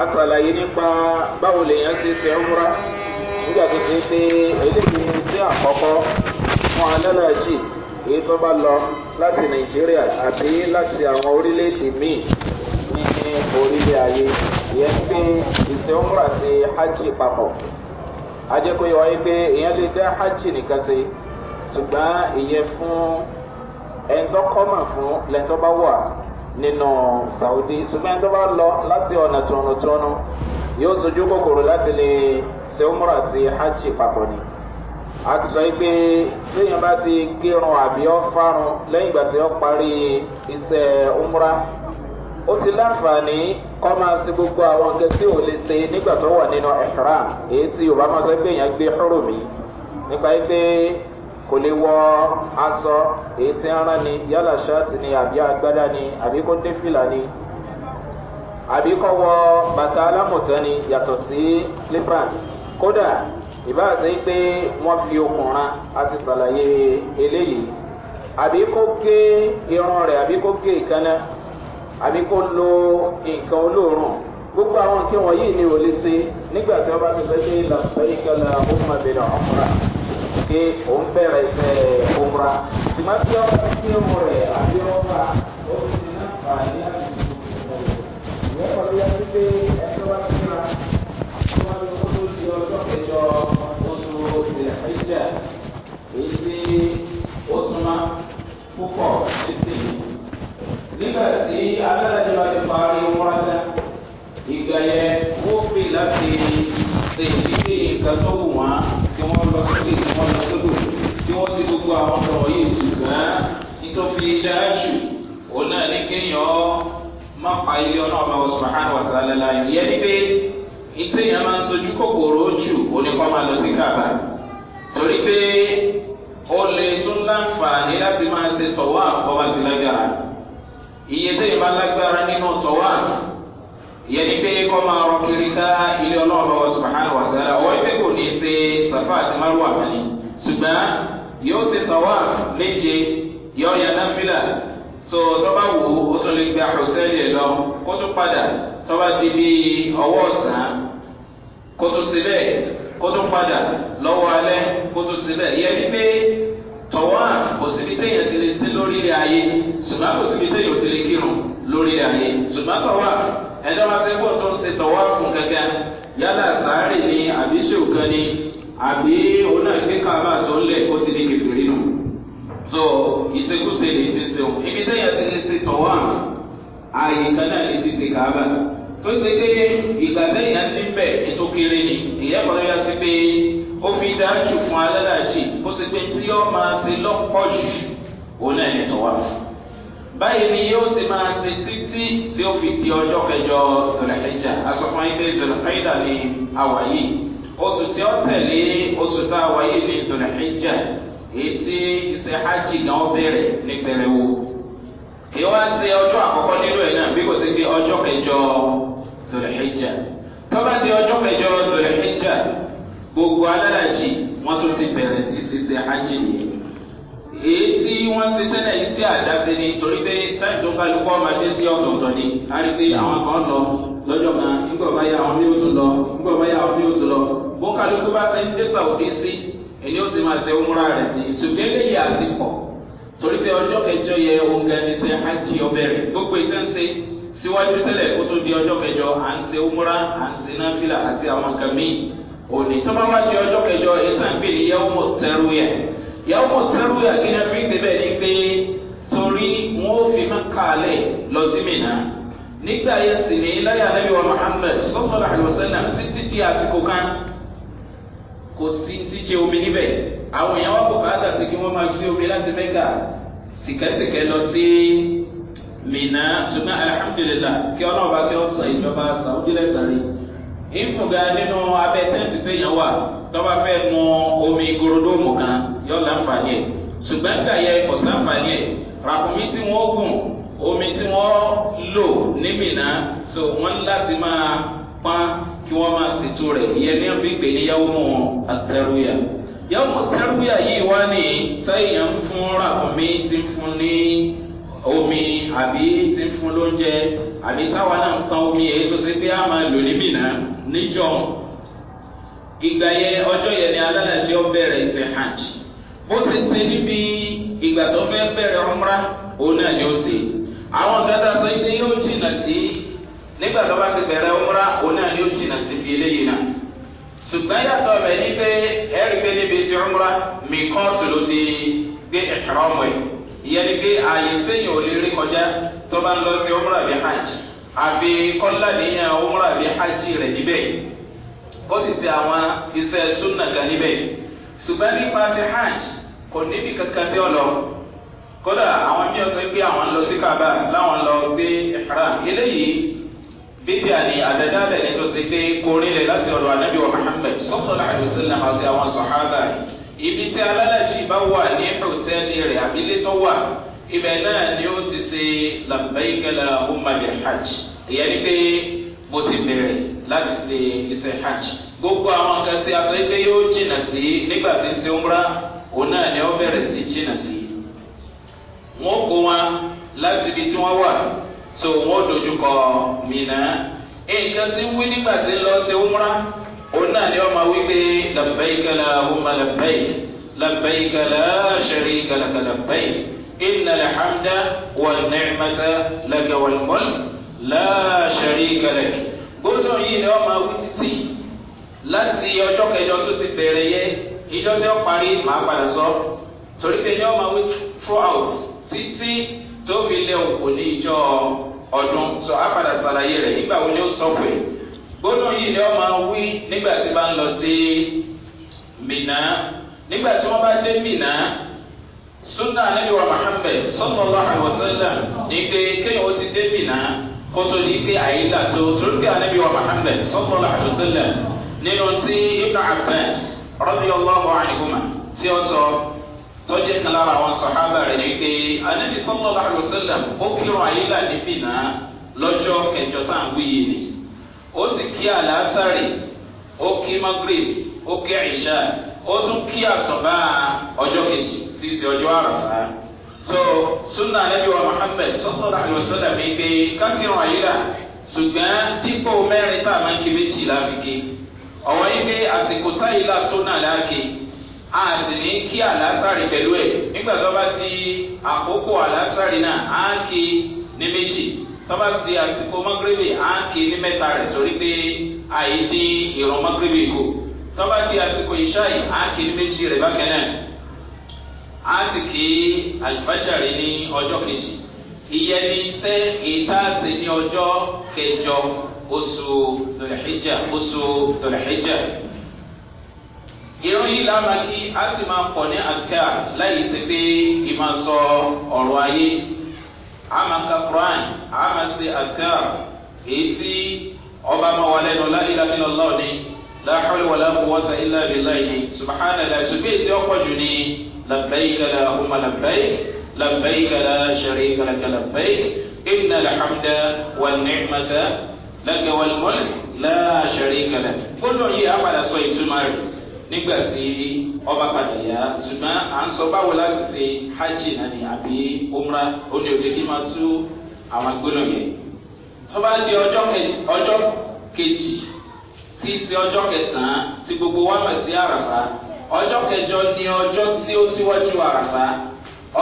asàlàyé nípa báwo lèèyàn ṣe ṣe ọmúra nígbà tó ṣe pé eléyìí tí àkọ́kọ́ fún alálàájì èyí tó bá lọ láti nàìjíríà àbí láti àwọn orílẹ̀-èdè míì ní orílẹ̀ ayé ìyẹn pé ìṣe ọmúra ṣe hajj papọ̀ ajẹ́kọ̀ọ́ wáyé pé èèyàn lè dá hajj nìkan ṣe ṣùgbọ́n ìyẹn fún ẹ̀ńtọ́kọ́mà fún lẹ́ńtọ́ wà nínú Saudi ṣùgbọ́n tó bá lọ láti ọ̀nà tọ̀nùtọ̀nù yóò sojú kòkòrò láti lè ṣe umra àti hajj papọ̀ ni a ti sọ yìí pé téèyàn bá ti gérun àbí ọ̀farun lẹ́yìn ìgbà tí ó parí iṣẹ́ umra ó ti láǹfààní kọ́ máa ṣe gbogbo àwọn nǹkan tí ò lè ṣe nígbà tó wà nínú ihram èyí tí Yorùbá máa sọ pé èèyàn gbé húrùmí nípa pé kò lè wọ aṣọ èyí tí ń rán ni yálà ṣáàtì ni àbí agbádá ni àbí kó dé fìlà ni àbí kọ́ wọ bàtà alámọ̀tán ni yàtọ̀ sí slippers kódà ìbáàṣe pé wọ́n fi okùn ran a ti ṣàlàyé eléyìí àbí kó gé irun rẹ̀ àbí kó gé ìkànnà àbí kó lo nǹkan olóòórùn gbogbo àwọn nǹkan wọ̀nyí ni ò lè ṣe nígbà tí wọ́n bá ti sọ pé làbẹ́yìí kan náà ó máa bèrè ọ̀pọ̀ra pé òun bẹ̀rẹ̀ ìfẹ́ òmùra tìmọ́ tí ọba ti ṣe òmù rẹ̀ àbí ọba ó ti ní àǹfààní láti ṣe ìyẹn kan ló yẹ kí pé ẹjọ́ bá ti ra tó wá lọ kó tó di ọjọ́ kẹjọ oṣù ìrìn àfẹ́jẹ́ èyí tí ó súnmọ́ púpọ̀ títí nígbà tí alálẹ́jọ́ bá ti parí òmùra tán ìgbà yẹn wó fi láti ṣèlérí nǹkan tó wù wọ́n wọ́n lọ sókè kí wọ́n lọ sódò kí wọ́n sì gbogbo àwọn ọ̀rọ̀ yìí ṣùgbọ́n nítorí dáṣù òun náà ní kéèyàn má pa ilé ọlọ́ọ̀bá ọ̀sùnmáhánù àtàlẹ́ láyé yẹn ni pé ìtẹ̀yàn máa ń sojú kòkòrò jù onípa máa lọ sí kàbá torí pé ó lè tún láǹfààní láti máa ṣe tọ̀wá àfọwọ́sí lágbára iye tẹ̀yìn bá lágbára nínú tọ̀wá àfọwọ́sí ìyẹn ní pé kọ́ máa rọ kiri ká ilé ọlọ́run ọ̀sùn mahanu wa sara ọwọ́ ẹgbẹ́ kò ní í ṣe safa àti maruwa mani ṣùgbọ́n yóò ṣe tọ́wá méje yóò yá náfìlà tó tọ́ba wò ó tún lè gba hòtẹ́ẹ̀lì ẹ̀ lọ kó tún padà tọ́ba di bí ọwọ́ ọ̀sán kó tún ṣe kó tún padà lọ́wọ́ alẹ́ kó tún ṣe bẹ́ẹ̀ pé tọ́wá kò síbi téèyàn ti lè ṣe lórí ayé ṣùgbọ́n kò síbi téèyàn ti lè kírun lórí ayé ṣùgbọ́n tọ́wá ẹjọ́ bá ṣe bọ̀ tó ń ṣe tọ̀wá fún gẹ́gẹ́ yálà sàárì ni àbí ṣèkán ni àbí òun náà gbé kábà tó ń lẹ̀ kó ti di kẹfìrí nù. so ìṣekúṣe lè ti ṣe òun ibi tẹ́yà ti ń ṣe tọ̀wá ààyè kan náà lè ti ṣe kábà tó ṣe pé ìgbà tẹ́yà níbẹ̀ ètò kéré ni ìyẹ́ kan yá sí pé ó fi dájú fún alálàjì kó ṣe pé tí ó máa ṣe lọ́pọ̀ jù òun náà ní tọ̀wá fún. báyìí ni yóò ṣe máa ṣe títí tí ó fi di ọjọ́ kẹjọ dòlẹ́kẹjà asọ̀kan ilé ni ní àwáyé oṣù tí ó tẹ̀lé oṣù tá àwáyé ní dòlẹ́kẹjà èyí tí iṣẹ́ náà bẹ̀rẹ̀ ní pẹrẹwu èyí wá ṣe ọjọ́ àkọ́kọ́ nínú ẹ̀ náà bí kò sí pé ọjọ́ kẹjọ di ọjọ́ kẹjọ gbogbo alálàjì wọ́n tún ti bẹ̀rẹ̀ sí ṣiṣẹ́ hajj èyí tí wọ́n ṣe tẹ́lẹ̀ yìí sí àdáṣe ni torí pé táyì tó bá lùkọ́ máa dé sí ọ̀tọ̀ọ̀tọ̀ ni a rí pé àwọn kan lọ lọ́jọ́ kan nígbà báyà àwọn ní oṣù lọ nígbà báyà àwọn ní oṣù lọ bó kálukú bá ṣe ń dé sàwùdí sí ẹni ó sì máa ṣe òmùra rẹ̀ sí ṣùgbọ́n eléyìí àsìkò torí pé ọjọ́ kẹjọ yẹ ohun gani ṣe hajj ọbẹ̀ rẹ̀ gbogbo ètò ń ṣe síwájú tẹ́lẹ̀ kó tó di ọjọ́ kẹjọ à ń ṣe òmùra à ń ṣe náfìlà àti àwọn nǹkan míì òní tó bá wá di ọjọ́ kẹjọ ètò àgbè ni yẹ tẹ́rù yẹ yàwó mọ̀ tẹ́rù yà kí ẹ fi débẹ̀ ní pé torí wọn ò fi máa kàlẹ̀ lọ sí mìíràn nígbà yẹn sì ní láyà nàbí wa muhammed sọfọlá àlùsánà títí di àsìkò kan kò sí jíjẹ omi níbẹ̀ àwọn èèyàn wà bùkátà sí kí wọ́n máa gbé omi láti mẹ́kà tìkẹ́tìkẹ́ lọ sí mina ṣùgbọ́n alihamudulilá kí ọlọ́run bá kí ọ sọ ìjọba saudi lẹ́sàrí ìfúnga nínú abẹ́ tẹ́ǹtì tẹ́yàn wà tọ́ba fẹ́ mu omi gorodomu kan. yọ láǹfààní ẹ̀ ṣùgbọ́n gbà yẹ kò ràkùnmí tí wọ́n omi tí wọ́n lò nímìnà so wọ́n láti máa pán kí wọ́n máa ṣètò rẹ̀ ìyẹn ní wọ́n fi gbè ní yàwó mọ́ àtẹrúyà yàwó mọ́ àtẹrúyà yìí wá ní táyà fún ràkùnmí tí fún ní omi àbí tí fún lóúnjẹ àbí táwa omi èyí tó ṣe pé a máa lò nímìnà níjọ ìgbà ni hajj. bó ṣe ṣe níbi ìgbà tó fẹ́ bẹ̀rẹ̀ ọmọra òun náà ni ó ṣe àwọn gàdá sọ ilé yóò jìnnà sí nígbà tó bá ti bẹ̀rẹ̀ ọmọra òun náà ni ó jìnnà sí bí eléyìí náà ṣùgbọ́n yàtọ̀ bẹ̀ ní pé ẹ̀rí pé níbi ti ọmọra mi kọ́ọ̀tù ló ti gbé ẹ̀kọ́rọ̀ ọmọ ẹ̀ ìyẹn ni pé ààyè téèyàn ò lè rí kọjá tó bá ń lọ sí ọmọra bí hajj àfi kọ́lá níyàn ọmọra bí hajj rẹ̀ níbẹ̀ ó sì ṣe àwọn iṣẹ́ súnà kan níbẹ̀ ṣùgbọ́n nípa ti hajj kò níbi kankan tí ó lọ kódà àwọn míì sọ pé àwọn ń lọ sí kaaba láwọn lọ gbé ìhara eléyìí bíbí àní àdádálẹ̀ ní tó ṣe pé kò rílẹ̀ láti ọ̀dọ̀ anábì wa muhammed sọ́tọ̀ láàrin sílẹ̀ àti àwọn sọ̀hábà ibi tí alálàjì bá wà ní hòtẹ́ẹ̀lì rẹ̀ àbílẹ̀ wà ibẹ̀ náà ni ó ti ṣe làbẹ́gẹ́lá umar hajj ìyẹn ni pé mo ti bẹ̀rẹ̀ láti ṣe iṣẹ́ hajj gbogbo àwọn nǹkan tí a sọ pé yóò jìnà sí nígbà tí ń se umra òun náà ni ó bẹ̀rẹ̀ sí jìnà sí wọn kó wọn láti ibi tí wọn wà tó wọn dojúkọ mìíràn nǹkan tí wí nígbà tí ń lọ sí umra òun náà ni ó máa wí pé làbẹ́yìkàlà ọmọ làbẹ́yìk làbẹ́yìkàlà ṣẹ̀rí kàlàkà làbẹ́yìk ìnà làhàmdà wà nẹ́ẹ̀mẹ́ta làgàwàlmọ́lì láṣẹ̀rí kàlàkì gbọ́dọ̀ yìí ni ó máa wí títí. láti ọjọ́ kẹjọ tó ti bẹ̀rẹ̀ yẹ ìjọ tí ó parí màá padà sọ torí pé ní ọmọ wí throughout títí tó fi lé òkò ní ìjọ ọdún sọ á padà ṣàlàyé rẹ̀ nígbà wo ni ó sọ pé gbóná yìí ni ọmọ wí nígbà tí bá ń lọ sí nígbà tí wọ́n bá dé sunna anabiwa muhammed nínú tí ibn abbas rọ́bì ọlọ́hu àdìgúnmá tí ó sọ tọ́jú kan lára àwọn sọ̀hábà rẹ̀ ní pé anabi sọ́lọ́ àlùsọ́lá ó kírun àyílà níbí náà lọ́jọ́ kẹjọ tá à ń wí yìí ni ó sì kí àlásàrì ó kí magrib ó kí àìsà ó tún kí àsọ̀bá ọjọ́ kejì tí í ṣe ọjọ́ àràfà so sunna anabi wa muhammed sọ́lọ́ àlùsọ́lá mi pé ká kírun àyílà ṣùgbọ́n dípò mẹ́rin tá a máa ń kí méjì láfikín ọ̀wọ́n yìí pé àsìkò táyìlá tó náà láàkè a sì ní kí àlásàrì pẹ̀lú ẹ̀ nígbà tó bá di àkókò àlásàrì náà á kí ní méjì tó bá di àsìkò mọ́gírèbì á kí ní mẹ́ta rẹ̀ torí pé àyè dín ìrọ̀ mọ́gírèbì kù tó bá di àsìkò ìṣáì á kí ní méjì rẹ̀ bákan náà á sì kí àlùfájàre ní ọjọ́ kejì ìyẹn ní ní ọjọ́ kẹjọ oṣù tòlẹ̀híjà oṣù tòlẹ̀híjà irun yìí lábàá kí a sì máa pọ̀ ní àfikà láyé sí pé ìmọ̀ sọ ọ̀rọ̀ ayé àmà ka quran àmà sí àfikà èyí tí ọba máa wà lẹ́nu láyé lábẹ́ lọ́lọ́ọ̀ ni láhùlù wàlá kúwọ́tà ilá ìlà ìní subahana la ṣùgbọ́n èyí tí ó pọ̀ jù ní labbaika la huma labbaik labbaika la sharika laka labbaik inna alhamda wa ni'mata lẹ́gbẹ̀ẹ́ wọlé mọ́lẹ̀ láàṣẹrí kẹlẹ̀ gbọ́dọ̀ yìí á padà sọ ìtumá rẹ̀ nígbà tí ọba padà yá ṣùgbọ́n à ń sọ báwo láti ṣe hajj nani àbí umra ó ní òde kí máa tú àwọn gbọ́dọ̀ yẹn tó bá di ọjọ́ kejì tí í ṣe ọjọ́ kẹsàn-án tí gbogbo wa mà sí àràfà ọjọ́ kẹjọ ni ọjọ́ tí ó síwájú àràfà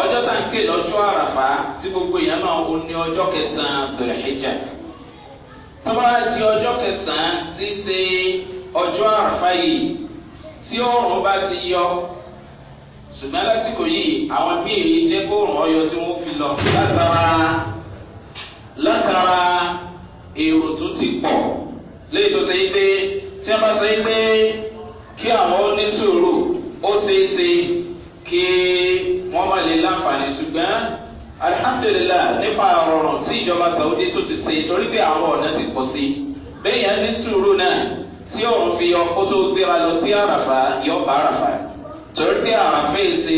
ọjọ́ tá à ń pè lọ́jọ́ àràfà tí gbogbo èèyàn náà ó ní ọjọ́ kẹsàn-án tòlẹ́hẹ́jà tọ́ba di ọjọ́ kẹsàn-án tí í ṣe ọjọ́ àràfá yìí tí oòrùn bá ti yọ ṣùgbọ́n lásìkò yìí àwọn bíìrì jẹ́ kóòrùn ọyọ tí wọ́n fi lọ látara látara èrò tó ti pọ̀ léyìí ṣe pé tí wọ́n bá ṣe pé kí àwọn oníṣòro ó ṣeé kí wọ́n má lè láǹfààní ṣùgbọ́n alihamdulilayi nípa ọ̀rọ̀rùn tí ìjọba saudi tó ti ṣe torí pé àwọn ọ̀nà ti pọ̀ sí bẹ́ẹ̀ yẹn ní sùúrù náà tí òun fi ọkọ tó gbéra lọ sí àràfà yọ bá àràfà torí pé àràfà ìṣe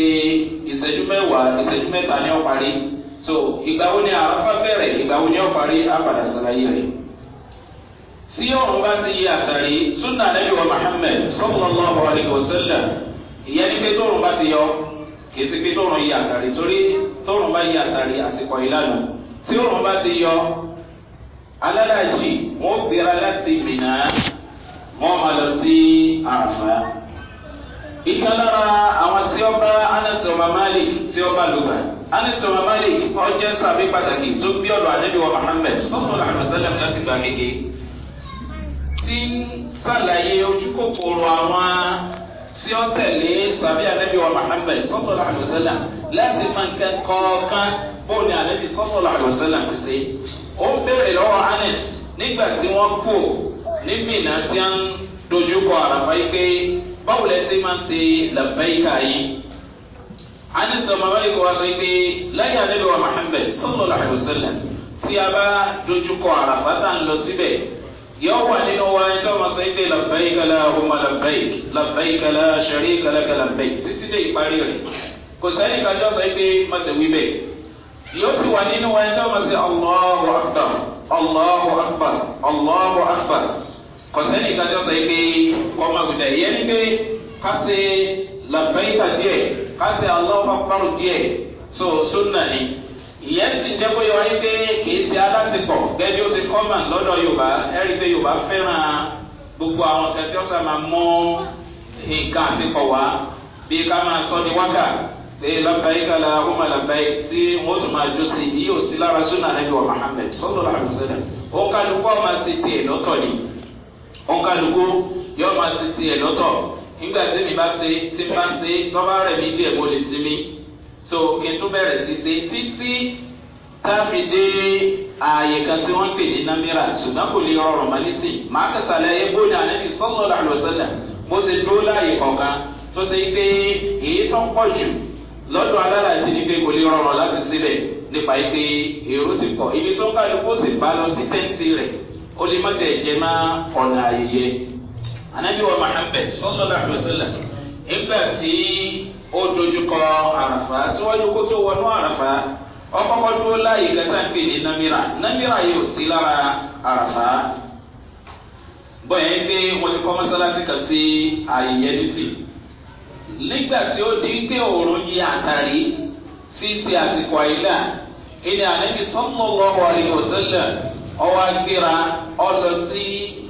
ìṣẹ́jú mẹ́wàá ìṣẹ́jú mẹ́ta ni ó parí so ìgbà wo ni àràfà bẹ̀rẹ̀ ìgbà wo ni ó parí àpàdà sàlàyé rẹ̀ tí òun bá ti yí àtàrí sunna nabi wa muhammed sallallahu alayhi wa sallam ìyẹn ni pé tóun bá ti yọ kì tọrùn bá yí àtàrí àsìkò ìlànà tí òrùn bá ti yọ alálàjì wọn gbéra láti mìnà wọn máa lọ sí àràfà. ìkan lára àwọn tí ó bá anasi ọba malik tí ó bá lùgbà anasi ọba malik ọjọ́ sàbí pàtàkì tó bí ọ̀rọ̀ àdébíwọ̀ muhammed sọ́kùnrin àdùsálẹ̀m láti gbà gègé ti ń sàlàyé ojú kòkòrò àwọn tí ó tẹ̀lé sàbí àdébíwọ̀ muhammed sọ́kùnrin láti máa ń kẹ́ kọ̀ọ̀kan bóun ni àlẹ́ bí sọ́tọ̀lá àlùsọ́lá ti ṣe. ó béèrè lọ́wọ́ anes nígbà tí wọ́n kú ní mìíràn tí wọ́n dojú kọ àràfà yìí pé báwo lẹ ṣe máa ń ṣe làbẹ́yìká yìí. anes ọmọ mẹ́rin kò wá sọ pé láyé àlẹ́ wa muhammed sọ́tọ̀lá àlùsọ́lá tí a bá dojú kọ àràfà tá à ń lọ síbẹ̀ yóò wà nínú wa ẹjọ́ ma sọ pé làbẹ́yìká la ọmọ làbẹ́yìká làbẹ́yìká la ṣẹ̀ríkà làbẹ́yìká títí dé ìparí rẹ̀ kò sẹ́yìn kájọ́ sọ pé má ṣe wí bẹ́ẹ̀ yóò sì wà nínú wa ẹjọ́ má ṣe allahu akbar allahu akbar allahu akbar kò sẹ́yìn kájọ́ sọ pé kọ́ má gbẹdẹ yẹn pé ká ṣe làbẹ́yìká díẹ̀ ká ṣe allahu akbar díẹ̀ so sunna ni ìyẹn sì jẹ́ pé wáyé pé kìí ṣe alásìkò gẹ́gẹ́ bí ó ṣe kọ́mà lọ́dọ̀ yorùbá ẹ̀rí pé yorùbá fẹ́ràn gbogbo àwọn kẹsì máa mú nǹkan àsìkò wá bí ká máa sọ ní wákàtí ee labbaik alahuma labbaik tí wọn tún máa jó sí yìí ò sí lára sunna anabi wa muhammed sọlọlá àbùsọlá òǹkàlùkù ọmọ sí tiẹ̀ lọ́tọ̀ ni òǹkàlùkù yọ ọmọ sí tiẹ̀ lọ́tọ̀ nígbà tí mi bá ṣe tí bá ṣe tọ́ba rẹ̀ mi díẹ̀ mo lè sinmi so kí n tún bẹ̀rẹ̀ sí ṣe títí ká fi dé ààyè kan tí wọ́n pè ní námírà ṣùgbọ́n kò lè rọrùn mọ́ nísìn màá kẹsàlẹ̀ ayé bóyá anabi sọlọlá àbùsọlá mo ṣe dúró láàyè kọ̀ọ̀kan tó ṣe pé èyí tó lọ́dún alálàáṣí ni pé kò lè rọrùn láti síbẹ̀ nípa yìí pé èrò ti pọ̀ ibi tó ń kálukú sì bá lọ sí tẹ́ǹtì rẹ̀ ó lè má tẹ̀ jẹ́ má ọ̀nà ayẹyẹ. anabi wa muhammed sọlọ́lá àdùsílẹ̀ nígbà tí ó dojúkọ àràfà síwájú kó tó wọnú àràfà ọkọ̀kọ́ dúró láàyè kẹta ń pè ní namira namira yóò sí lára àràfà bọ́yẹn pé wọ́n ti kọ́ mọ́sálásí kan sí ayẹyẹ nísìnyí nígbà tí ó di pé òòrùn yí àtàrí ṣíṣe àsìkò àìlà ìní ànábi sọ́mọ́ lọ́wọ́ àríwọ̀sẹ́lẹ̀ ọwọ́ agbéra ọlọ sí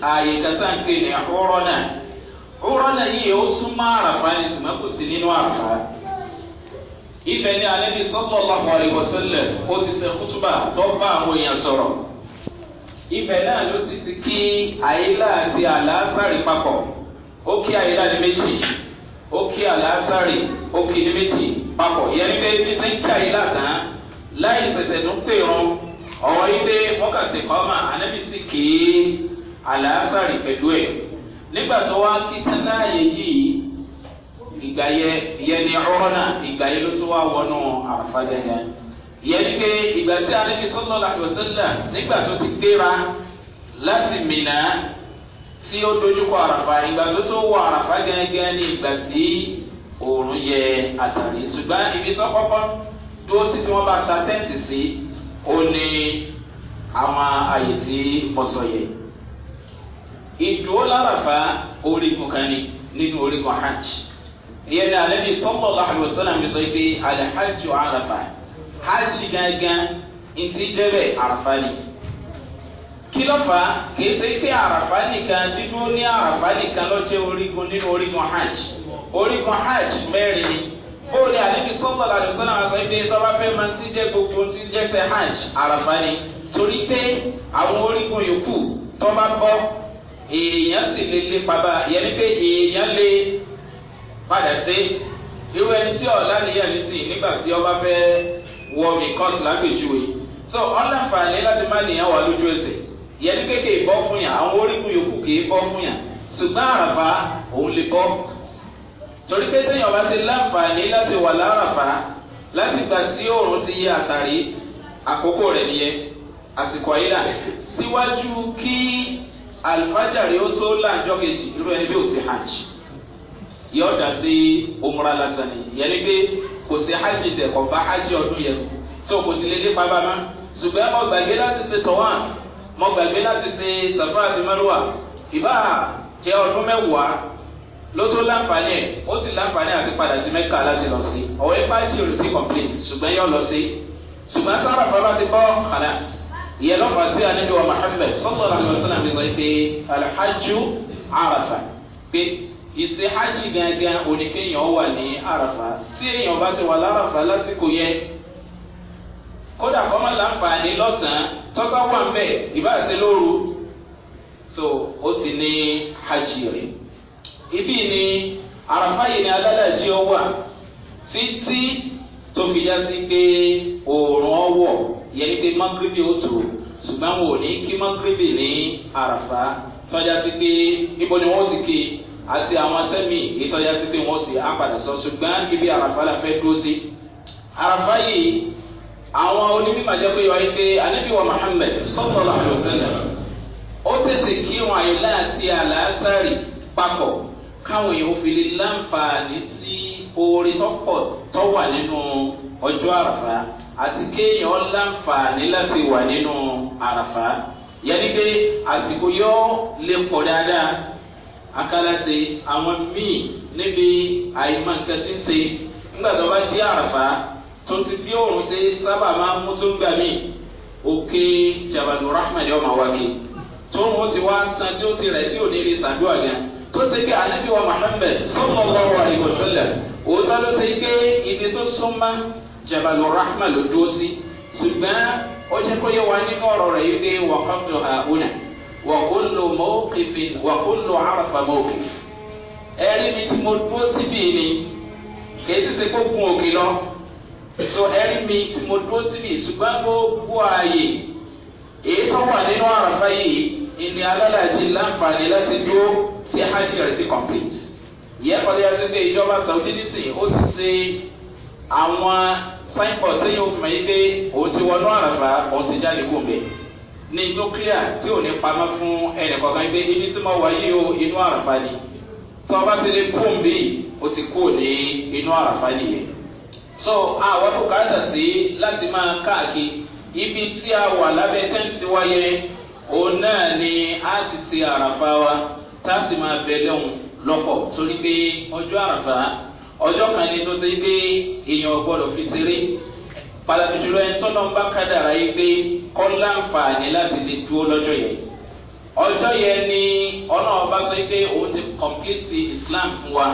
ààyè kẹta ń pè ní ọ̀rọ̀nà ọ̀rọ̀nà yìí ó súnmọ́ àràfà ní ṣùgbọ́n kò sí nínú àràfà ibẹ̀ ni ànábi sọ́mọ́ lọ́wọ́ àríwọ̀sẹ́lẹ̀ ó ti ṣe kútùbà tó bá àwọn èèyàn sọ̀rọ̀ ibẹ̀ náà ló sì ti kí àìlà àti àlàásàrì papọ̀ ó kí àìlà ní méjì yìí ó kí àlásàrì ó kí ní méjì papọ̀ yẹn ní pé bí ṣe ń kí àyè ládàá láì fẹsẹ̀ tún pè wọn ọ̀wọ́ yìí pé mọ́kàsí kọ́mà ànábì sì kí àlásàrì pẹ̀lú ẹ̀ nígbà tó wá kí tánáàyè yìí ìgbà yẹ yẹn ní ọ̀rọ̀nà ìgbà yẹ ló tún wá wọnú àfàdé yẹn yẹn ní pé ìgbà tí ànábì sọ́lọ́lá àdùsílẹ̀ nígbà tó ti gbéra láti mìíràn tí ó dojúkọ àràfà ìgbà tó tó wọ àràfà gángan ní ìgbà tí òòrùn yẹ àtàrí ṣùgbọ́n ibi tó kọ́kọ́ dúró sí tí wọ́n bá ta tẹ́ǹtì sí ó ní àwọn àyè tí ọ̀sọ̀ yẹ. ìdúró láràfà orígun kan ni nínú orígun hajj ìyẹn ní alẹ́ ní sọ́mọ́ làhùn sọ́nà mi sọ pé alẹ́ hajj àràfà hajj gángan ntí jẹ́ bẹ́ẹ̀ àràfà nìyí. kí ló fà á kì àràfà nìkan dídúró ní àràfà nìkan jẹ́ orígun nínú orígun hajj orígun hajj mẹ́rin ni bóòlù àdébí sọ́tọ̀ làdé sọ́nà àṣà ìdè tọ́ba fẹ́ máa ti jẹ́ gbogbo ti jẹ́sẹ̀ hajj àràfà ni torí pé àwọn yòókù èèyàn sì lè bá pé èèyàn lè padà sí irú ẹni tí ọ̀la nìyẹn ní sìn nígbà tí ọba wọ mi kọ́ọ̀tù lágbèjúwe so láti má nìyẹn wà lójú yẹnu kéke bọ́ fún yàn àwọn orígun yòókù kì í bọ́ fún yàn ṣùgbọ́n àràfà òun lè bọ́ torí pé sẹ́yìn ọba ti láǹfààní láti wà láràfà látìgbà tí òòrùn ti yẹ àtàrí àkókò rẹ̀ nìyẹn àsìkò àyílà síwájú kí alifájàre ó tó láàjọ kejì irú ẹni bí ó sì hajj yọ ọ̀dà sí omura lásán ni yẹni pé kò sí hajj tẹ̀ kọ̀ bá hajj ọdún yẹn tó kò sí lé nípa bá má ọgbàgbé láti ṣe tọ́wọ́n mo gbàgbé láti ṣe sàfà àti mẹ́rùwà ìbá jẹ́ ọdún mẹ́wàá ló tó láǹfààní ẹ̀ ó sì láǹfààní àti padà sí mẹ́ka láti lọ sí ọ̀wọ́ ipá tí o lè ti complete ṣùgbọ́n yóò lọ sí ṣùgbọ́n sábà fọlá ti bọ́ khalas ìyẹn lọ́fà tí anábì wa muhammed sọ́kọ̀ rẹ̀ lọ sínú àmìsọ̀ pé alhaju arafa pé ìṣe hajj gangan oníkéèyàn wà ní arafa tí èèyàn bá ti wà lárafa lásìkò yẹn kódà kọ́mọ láǹfààní lọ́sàn-án tọ́sà wà ń bẹ̀ lóru so ó ti ní hajj rẹ̀ ibi ni àràfá yìí ni adádájí ọ wà títí tó fi já sí pé òòrùn ọwọ yẹn ni pé mọ́gírìbì ó tó ṣùgbọ́n wò ní kí mọ́gírìbì ní àràfá tọ́já sí pé ibo ni wọ́n ti ké àti àwọn asẹ́mi ìtọ́já sí pé wọ́n sì á padà sọ ṣùgbọ́n ibi àràfá la fẹ́ dúró sí àràfá yìí àwọn onímọ̀jẹ́ pé wáyé pé anábìwọ̀ muhammed sọ́kọ̀lá àlùsẹ́lẹ̀ ó tètè kí wọn àyọ̀lá àti àlàásàrì papọ̀ káwọn èèyàn fi lè láǹfààní sí oore tọ́pọ̀ tó wà nínú ọjọ́ àràfà àti kéèyàn láǹfààní láti wà nínú àràfà yẹni pé àsìkò yóò lè pọ̀ dáadáa akálàsè àwọn míì níbi àìmọ̀ nǹkan ti ń se nígbà tó bá dé àràfà tó ti bí òun ṣe sábà máa ń mú tó ń gbà mí òkè jabadu rahman yóò máa wá kí tóun ó ti wá san tí ó ti rẹ̀ tí ò ní rí sàdúrà gan tó ṣe pé anabi wa muhammed sallallahu alayhi wa sallam òótọ́ ló ṣe pé ibi tó súnmọ́ jabadu rahman ló dúró sí ṣùgbọ́n ó jẹ́ kó yẹ wá nínú ọ̀rọ̀ rẹ̀ yìí pé wàkàtò àhùnà wàkúlò mọ́kìfì wàkúlò àràfà mọ́kìfì ẹ̀rí mi tí mo dúró síbí ni kì so ẹ̀rí mi tí mo dúró síbi ṣùgbọ́n gbogbo ààyè èyí tó wà nínú àràfá yìí ìní alálàájì láǹfààní láti dúró tí hajj rẹ̀ sí complete ìyẹn kọ́ni ẹsẹ̀ pé ìjọba saudi nísìnyí ó ti ṣe àwọn signboard tí yóò fi mọ̀ yín pé òun ti wọnú àràfá òun ti jáde kó bẹ̀ ní tó clear tí ò ní pamọ́ fún ẹnìkọ̀ọ̀kan pé ibi tí mo wà yìí o inú àràfá ni tí wọ́n bá ti lè kó mi ó ti kó ní inú àràfá nìyẹn so àwọn bùkátà sí láti máa káàkiri ibi tí a wà lábẹ́ tẹ́ǹtì wáyé òun náà ni a ti ṣe àràfà wa tá a sì máa bẹ lẹ́hùn lọ́pọ̀ torí pé ọjọ́ àràfà ọjọ́ kan ni tó ṣe pé èèyàn gbọ́dọ̀ fi ṣeré pàtàkì jùlọ ẹni tọ́nà ń bá kádàrá yìí pé kọ́ láǹfààní láti lè dúró lọ́jọ́ yẹn ọjọ́ yẹn ni ọlọ́run bá sọ pé òun ti complete islam fún wa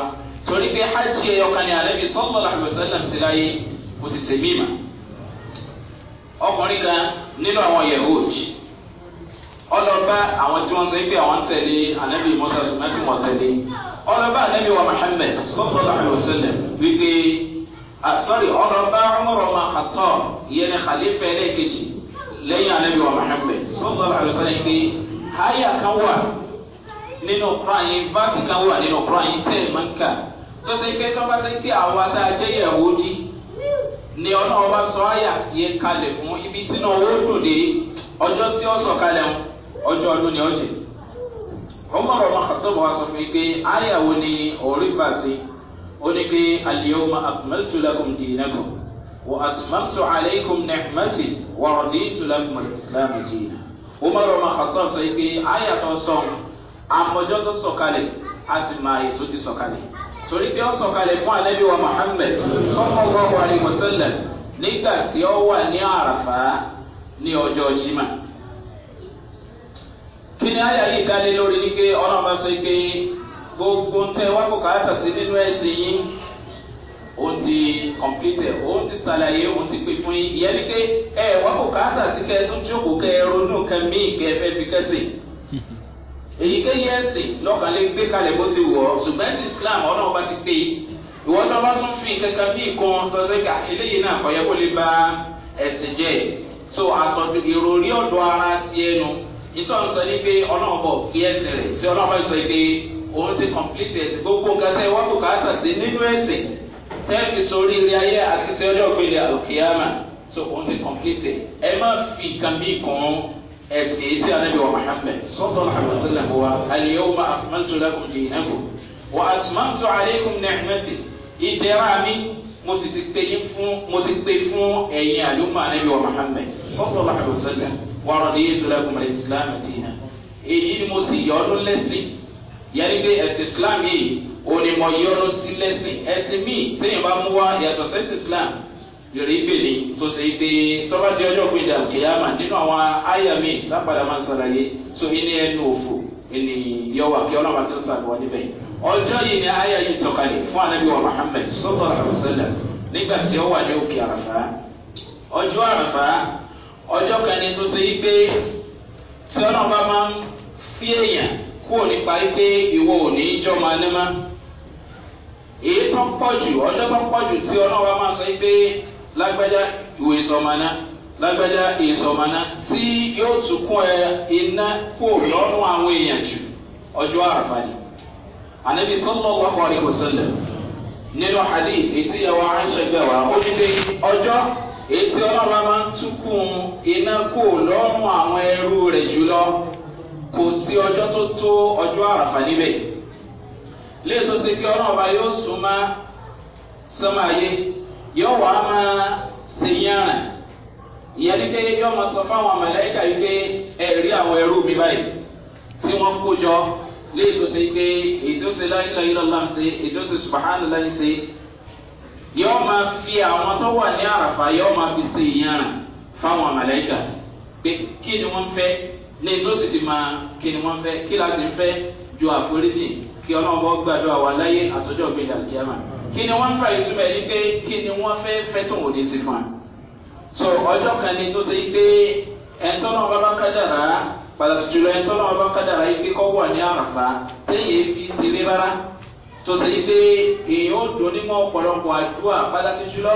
torí pé hajj ẹyọkan ni alẹ́ bí sọ́lọ́lá àbẹ̀sẹ́lẹ̀m sí láyé kò sì ṣe mímà ọkùnrin kan nínú àwọn yahood ọlọ́ba àwọn tí wọ́n sọ pé àwọn ń tẹ̀lé anabi musa ṣùgbọ́n tí wọ́n tẹ̀lé ọlọ́ba anabi wa muhammed sọ́lọ́lá àbẹ̀sẹ́lẹ̀m wípé sọ́rí ọlọ́ba ọmọrọ̀ ọmọ àtọ́ ìyẹn ní khalifa ẹlẹ́ẹ̀kejì lẹ́yìn anabi wa muhammed sọ́lọ́lá àbẹ̀sẹ́lẹ̀m pé háyà kan wà nínú kúrán yìí fásitì kan wà nínú kúrán yìí tẹ̀ máa ń kà tó ṣe pé tó bá ṣe pé àwa tá a jẹ́ ìyàwó dí ni ọlọ́run bá sọ àyà yẹ kalẹ̀ fún ibi tí náà ó dùn dé ọjọ́ tí ó sọ kalẹ̀ ń ọjọ́ ọdún ni ó jẹ. ọmọ ọ̀rọ̀ máa sọ fún mi pé àyà wo ni orí bá ó ní pé àlìyéwò máa àtúmọ̀tò lákùn dì iná tó wọ àtúmọ̀tò àlẹ́kùn nẹ̀hìmẹ́tì wọ̀rọ̀ dì í tó lákùn mọ̀ ìsìlámù dì tó sọ pé àmọ̀jọ́ tó sọ̀kalẹ̀ a sì máa ètò ti sọ̀kalẹ̀ torí pé ó sọ̀kalẹ̀ fún alẹ́bí wa muhammed sọ́kọ̀ọ́kọ́ wa ni nígbà tí ó wà ní àràfà ní ọjọ́ jimá. kí ni àyà yìí lori lórí ni pé gbogbo nke wá kó sí nínú ẹ̀sìn yín ti ti ṣàlàyé ti pè fún yín ìyẹn ni pé ẹ wá kó sí jókòó èyíkéyìí ẹ̀sìn lọ́kàn lè gbé kalẹ̀ bó ṣe wọ̀ ṣùgbọ́n ẹ̀sìn islam ọ̀nà ọba ti pè é ìwọ́n tó bá tún fi kankan bí nǹkan tọ́sẹ́gà eléyìí náà kọ́ yẹ kó lè ba ẹ̀sìn jẹ́ so àtọ̀dù ìròrí ọ̀dọ̀ ara ti ẹnu ìtọ́ ń sọ ní pé ọlọ́ọ̀bọ̀ gbé ẹ̀sìn rẹ̀ tí ọlọ́ọ̀bọ̀ sọ pé òun ti complete ẹ̀sìn gbogbo nǹkan wá bùkátà sí nínú ẹ̀sìn tẹ́ fi sórí ilé ayé àti tẹ́ ọjọ́ ògbélé àlùkìyàmà so òun ti complete ẹ̀ ẹ má fi nǹkan bí nǹkan ẹ̀sìn tí anabi wa muhammed sọ́tọ̀ alhamdu sallam wa aliyahu ma akumantu lakum dinaku wa atumantu aleikum nahmati ìdẹ́ra mi mo sì ti pè yín fún mo ti pè fún ẹ̀yin àlùmọ́ anabi wa muhammed sọ́tọ̀ alhamdu sallam wa rọ̀díyé tó lakum alẹ́ islam dina èyí ni mo sì yọ ọdún lẹ́sìn yẹn bí ẹ̀sìn islam yìí òní mo yọ ọdún sí lẹ́sìn ẹ̀sìn míì téèyàn bá mú wa yàtọ̀ sẹ́sìn islam. rèébè ni tó ṣe é pé tọ́ba di ọjọ́ gbé dàrú kìyàmà nínú àwọn àyà mi tábàdà máa ń ṣàlàyé so iní ẹnu òfò ẹni yọwà kí ọlọ́mà kí ń sàgbọ́ níbẹ̀ ọjọ́ yìí ni àyà yìí sọ̀kalẹ̀ fún anábìwọ̀ muhammed sọ́kọ̀ àrùsẹ́lẹ̀ nígbà tí ó wà ní òkè àràfà ọjọ́ àràfà ọjọ́ kan ni tó ṣe é pé tí ọlọ́mà máa ń fi èèyàn kúrò nípa pé ìwọ ò sọ pé lágbájá ìwé sọmaná lágbájá tí yóò tún kún ẹ iná lọ́rùn àwọn èèyàn jù ọjọ́ anabi sọlọ wà wà nínú hadi etí ọjọ́ ọlọ́run iná kó lọ́rùn àwọn ẹrú rẹ̀ jùlọ kò sí ọjọ́ tó tó ọjọ́ léètò sí kí ọlọ́run yóò súnmọ́ ayé. yóò wá máa ṣèyànrà ìyẹn ní pé yóò máa sọ fáwọn mọ̀lẹ́kà yìí pé ẹ̀rí àwọn ẹrú mi báyìí tí wọ́n kó jọ léyìí tó ṣe pé ètò ṣe láyìnláyìn lọ́la ṣe ètò ṣe subahana láyìn ṣe yóò máa fi àwọn tó wà ní àràfà yóò máa fi ṣe ìyànrà fáwọn mọ̀lẹ́kà pé kí ni wọ́n fẹ́ ní ètò sì ti máa kí ni wọ́n fẹ́ kí láti ń fẹ́ ju àforíjì kí ọlọ́run gbàdúrà wa láyé àtọ́jọ́ gbẹ̀dẹ̀ àlùkìyàmà kí ni wọ́n ń fà ìtumọ̀ yìí pé kí ni wọ́n fẹ́ fẹ́ òde sí fún wa. so ọjọ́ kan ni tó ṣe pé ẹ̀ńtọ́nà bàbá kádàrá pàtàkì jùlọ ẹ̀ńtọ́nà bàbá kádàrá yìí pé kọ́ wà ní àràfà téèyàn fi ṣeré rárá tó ṣe pé èèyàn ó dùn nímọ̀ ọ̀pọ̀lọpọ̀ àdúrà pàtàkì jùlọ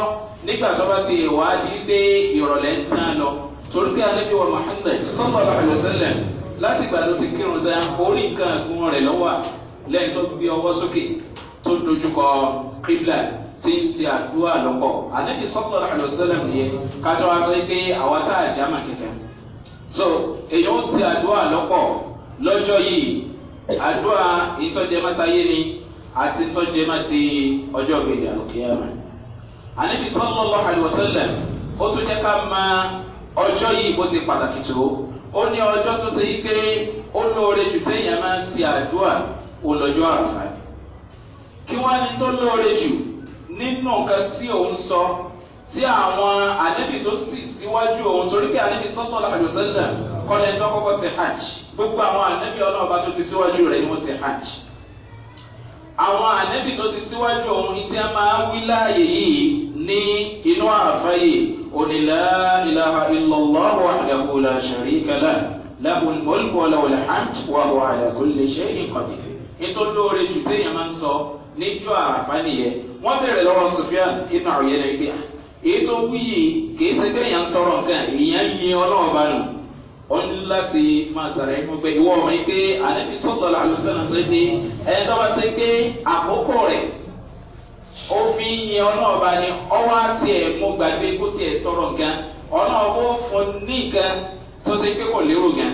nígbà tó bá ti wádìí pé ìrọ̀lẹ́ ń tán lọ torí pé alẹ́bí wa muhammed sọ́kọ̀lá àlùsẹ́lẹ̀ láti ìgbà tó ti kírun tán orí nǹkan ẹ̀gbọ́n rẹ̀ lọ́wọ́ lẹ́yìn tó gbé ọwọ́ kíbla tí ń ṣe àdúrà lọ́pọ̀ ànábì sọ́kọ̀ àlọ́ sẹ́lẹ̀ nìyẹn kájọ́ wa sọ pé àwa tá a so èèyàn ń ṣe àdúrà lọ́pọ̀ lọ́jọ́ yìí àdúrà ìtọ́jẹmọ́tayé ni àti tọ́jẹmọ́tì ọjọ́ gbèdé àlùkìyàmà ànábì sọ́kọ̀ àlọ́ sẹ́lẹ̀ ó tún jẹ́ ká máa ọjọ́ yìí bó ṣe pàtàkì tó ó ní ọjọ́ tó ṣe yí pé ó lóore jù téèyàn máa ń ṣe àdúrà ó lọ́jọ́ àràfà kí wọ́n ní tó lóore jù nínú nǹkan tí òun sọ tí àwọn ànẹ́bì tó sì síwájú òun torí pé ànẹ́bì sọ́tọ̀ làjò sẹ́lẹ̀ kọ́lẹ̀ tó kọ́kọ́ sí hajj gbogbo àwọn ànẹ́bì ọlọ́ọ̀bá tó ti síwájú rẹ̀ ni wọ́n sí hajj àwọn ànẹ́bì tó ti síwájú òun tí a máa wí láàyè yìí ní inú àràfẹ́ yìí ìlàhà ìlọ́lọ́wọ́ àdàkùlà ṣàríkàlà lábùn mọ́lùkọ́lá wọlé hajj wà níjọ́ àràfá nìyẹn wọ́n bẹ̀rẹ̀ lọ́rọ̀ sofia inú àròyẹ rẹ̀ gbé ah, èyí tó wí yìí kìí ṣe kẹ́yìn à ń tọrọ nǹkan ìyẹn yin ọlọ́run bá nù ó ní láti máa sàrẹ̀ fún pé ìwọ ọmọ yìí pé ànábi sọ̀tọ̀ làwọn sọ̀rọ̀ sọ pé ẹ̀ tó bá ṣe pé àkókò rẹ̀ ó fi yin ọlọ́run bá ní ọwọ́ àti ẹ̀ mo gbàgbé kó tiẹ̀ tọrọ nǹkan ọlọ́run ó fún ní nǹkan tó ṣe pé kò lérò gan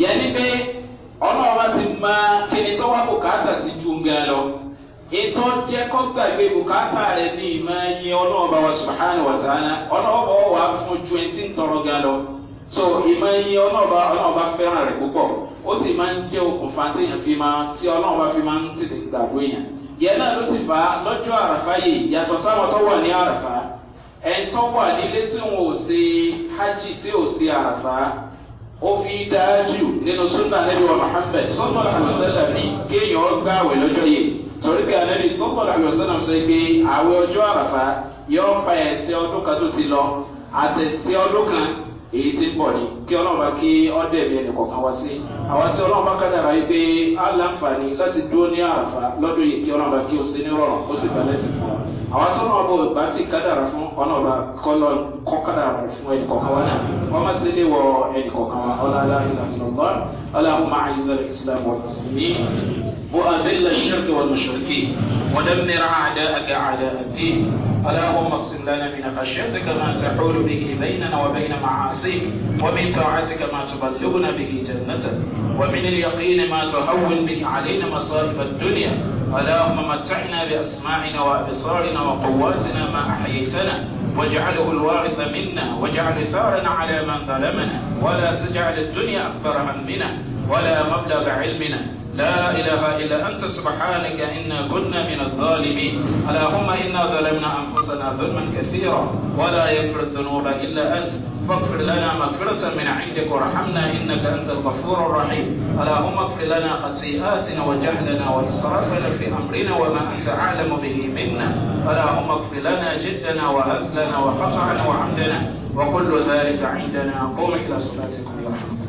yẹn ni pé ọlọ́run bá ti máa kíni tó kò káàtà sí ju nǹkan lọ ètò jẹ́ kọ́gbàgbé bùkátà rẹ̀ ní ìmọ̀ ẹyẹ ọlọ́ọ̀bá wa subhanahu wa ta'ala ọlọ́ọ̀bá wa fún ju ẹni ń tọrọ ga lọ so ìmọ̀ ẹyẹ ọlọ́ọ̀bá ọlọ́ọ̀bá fẹ́ràn rẹ̀ púpọ̀ ó sì máa ń jẹ́ okùnfà téèyàn fi máa tí ọlọ́ọ̀bá fi máa ń tètè gbàgbó èèyàn yẹn náà ló sì fà á lọ́jọ́ àràfá yìí yàtọ̀ sáwọn tó wà ní àràfá ẹni tó wà nílé tí wọn ò ṣe hajj tí ò ṣe àràfá ó fi dáa jù nínú sunna nabi wa muhammed sọ́nà àlùsẹ́lẹ̀ mi kéèyàn gbàwẹ̀ lọ́jọ́ yìí torí bí alẹ́ ní sọ́kọ̀dà lọ́sọ̀nà sọ pé àwọn ọjọ́ àràfà yóò pa ẹ̀sẹ̀ ọdún kan tó ti lọ àtẹ̀sẹ̀ ọdún kan èyí ti ń bọ̀ ni kí ọlọ́run bá kí ọdẹ mi ẹnì kọ̀ọ̀kan wá sí àwọn tí ọlọ́run bá kádàrà yìí pé aláǹfààní láti dúró ní àràfà lọ́dún yìí kí ọlọ́run bá kí o sí ní rọrùn ó sì balẹ̀ sí fún wa àwọn tí ọlọ́run bó bá ti kádàrà fún ọlọ́run bá kọ́ kádàrà fún ẹnì kọ̀ọ̀kan wá náà wọ́n má sí lè wọ ẹnì kọ̀ọ̀kan wá ọlọ́run aláìlànà ọlọ́run aláhùn máa ń وأذل الشرك والمشركين ودمر أعداءك أعداء الدين اللهم اقسم لنا من خشيتك ما تحول به بيننا وبين معاصيك ومن طاعتك ما تبلغنا به جنتك ومن اليقين ما تهون به علينا مصائب الدنيا اللهم متعنا بأسماعنا وأبصارنا وقواتنا ما أحييتنا واجعله الوارث منا واجعل ثارنا على من ظلمنا ولا تجعل الدنيا أكبر همنا ولا مبلغ علمنا لا إله إلا أنت سبحانك إنا كنا من الظالمين اللهم إنا ظلمنا أنفسنا ظلما كثيرا ولا يغفر الذنوب إلا أنت فاغفر لنا مغفرة من عندك وارحمنا إنك أنت الغفور الرحيم اللهم اغفر لنا خطيئاتنا وجهلنا وإسرافنا في أمرنا وما أنت أعلم به منا اللهم اغفر لنا جدنا وهزلنا وخطأنا وعمدنا وكل ذلك عندنا قوم إلى صلاتكم يرحمكم